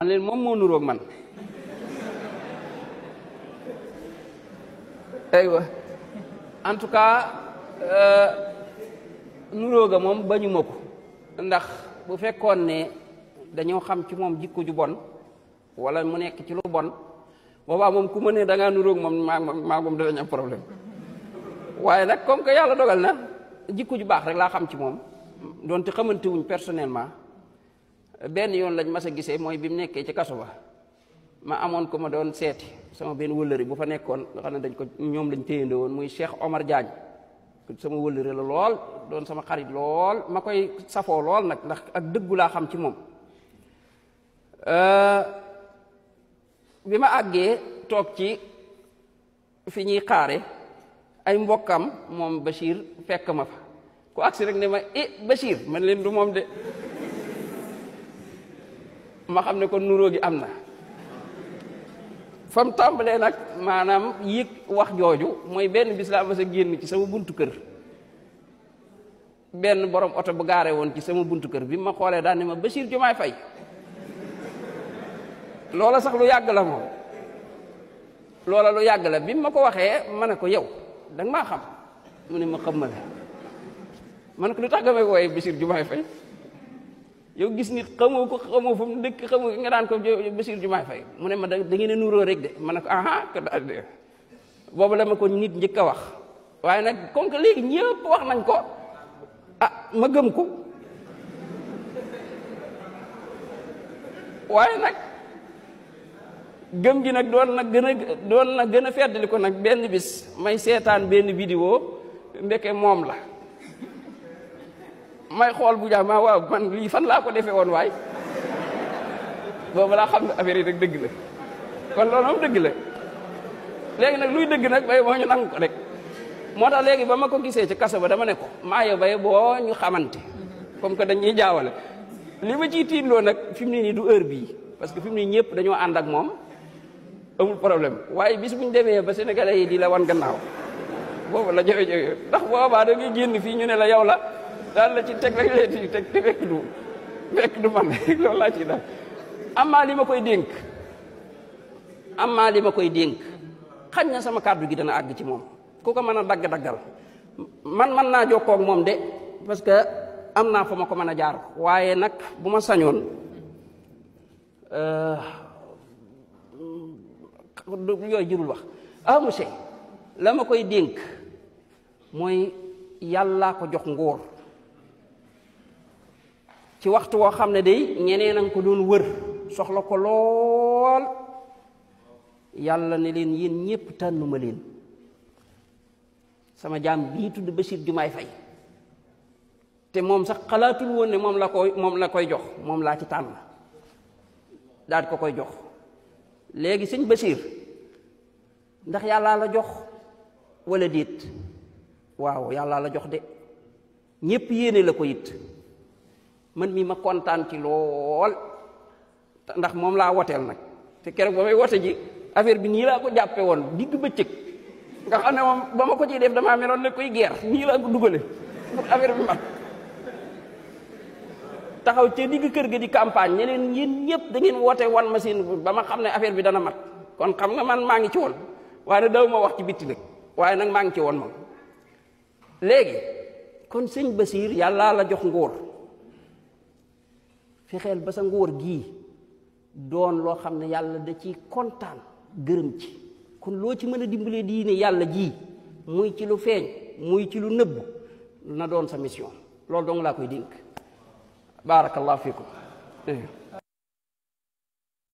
man moom moo nuroog man aywa en tout cas euh, nuróoga moom bañuma ko ndax bu fekkoon ne dañoo xam ci moom jikko ju bon wala mu nekk ci lu bon boobaa moom ku ma ne da ngaa nuróog moom maa maa moom danañ am problème waaye nag comme que yàlla dogal na jikko ju baax rek laa xam ci moom doonte xamantewuñ wuñ personnellement benn yoon lañ mas a gisee mooy bi mu nekkee ci kaso ba ma amoon ko ma doon seeti sama benn wëllëri bu fa nekkoon nga xam ne dañ ko ñoom lañ téyandoo woon muy Cheikh Omar Diagne sama wëllëri la lool doon sama xarit lool ma koy safoo lool nag ndax ak dëggu laa xam ci moom euh, bi ma àggee toog ci fi ñuy xaare ay mbokkam moom Bachir fekk ma fa ku agsi rek ne ma eh Bachir man leen du moom de ma xamne kon nuróo gi amna? fam tambale nak manam yik wax joju moy ben bis laa mas a génn ci sama buntu keur ben borom auto bu garé won ci sama buntu keur bi ma xoolee daan ne ma bashir jumaay fay lola sax lu yag la moom lola lu yag la bi ma ko waxee ma ko yow dang ma xam mune ma xam mané man ko lu tax way bashir jumaay fay yow gis nit xamoo ko xamoo fam mu dëkk xamoo nga daan ko basir Diomaye fay mu ne ma da ngeen ne nuróo rek de ma ne ko aha ko daal de boobu la ma ko nit njëkk a wax waaye nag comme que léegi ñëpp wax nañ ko ah ma gëm ko waaye nag gëm gi nag doon na gën a doon na gën a feddali nag benn bis may seetaan benn vidéo ndeke moom la may xool bu jaax maa waaw man lii fan laa ko defee woon waay boobu laa xam ne affaire rek dëgg la kon loolu moom dëgg la léegi nag luy dëgg nag bay boo ñu rek moo tax léegi ba ma ko gisee ci kaso ba dama ne ko maa yo boo ñu xamante comme que dañuy jaawale li ma ciy tiitloo nag fi mu ne nii du heure bii parce que fi mu ne ñëpp dañoo ànd ak moom amul problème waaye bis bu ñu demee ba sénégalais yi di la wan gannaaw boobu la jafe-jafe ndax boobaa da ngay génn fii ñu ne la yaw la daal la ci teg rek lee ti teg te fekk du fekk du man loolu laa ci daal amaa li ma koy dénk amaa li ma koy dénk xañ na sama kàddu gi dana àgg ci moom ku ko mën a dagg-daggal man mën naa jokkoo ak moom de parce que am naa fa ma ko mën a jaar waaye nag bu ma sañoon euh, yooyu jërul wax ah monsieur la ma koy dénk mooy yàllaa ko jox nguur ci waxtu woo xam ne day ñeneen a ko doon wër soxla ko lool yàlla ne leen yéen ñépp tànnuma leen sama jaam bii tudd Bassirou Diomaye fay te moom sax xalaatul woon ne moom la koy moom la koy jox moom laa ci tànn daal ko koy jox léegi sëñ Basiir ndax yàlla la jox wala déet waaw yàllaa la jox de ñépp yéene la ko yit man mi ma kontaan ci lool ndax moom laa woteel nag te keroog ba may wote ji affaire bi nii laa ko jàppe woon digg bëccëg nga xam ne moom ba ma ko ciy def damaa meloon ne koy geer nii laa ko dugale affaire bi mat taxaw ca digg kër ga di campagne ñeneen leen yéen ñëpp da ngeen woote wan machine ba ma xam ne affaire bi dana mat kon xam nga man maa ngi ci woon waaye daw ma wax ci bitti nag waaye nag maa ngi ci woon moom léegi kon sëñ basir yàllaa la jox nguur fexeel ba sa nguur gi doon loo xam ne yàlla da ci kontaan gërëm ci kon loo ci mën a dimbalee diine yàlla ji muy ci lu feeñ muy ci lu nëbb na doon sa mission loolu dong laa koy dénk barakallahu fiikum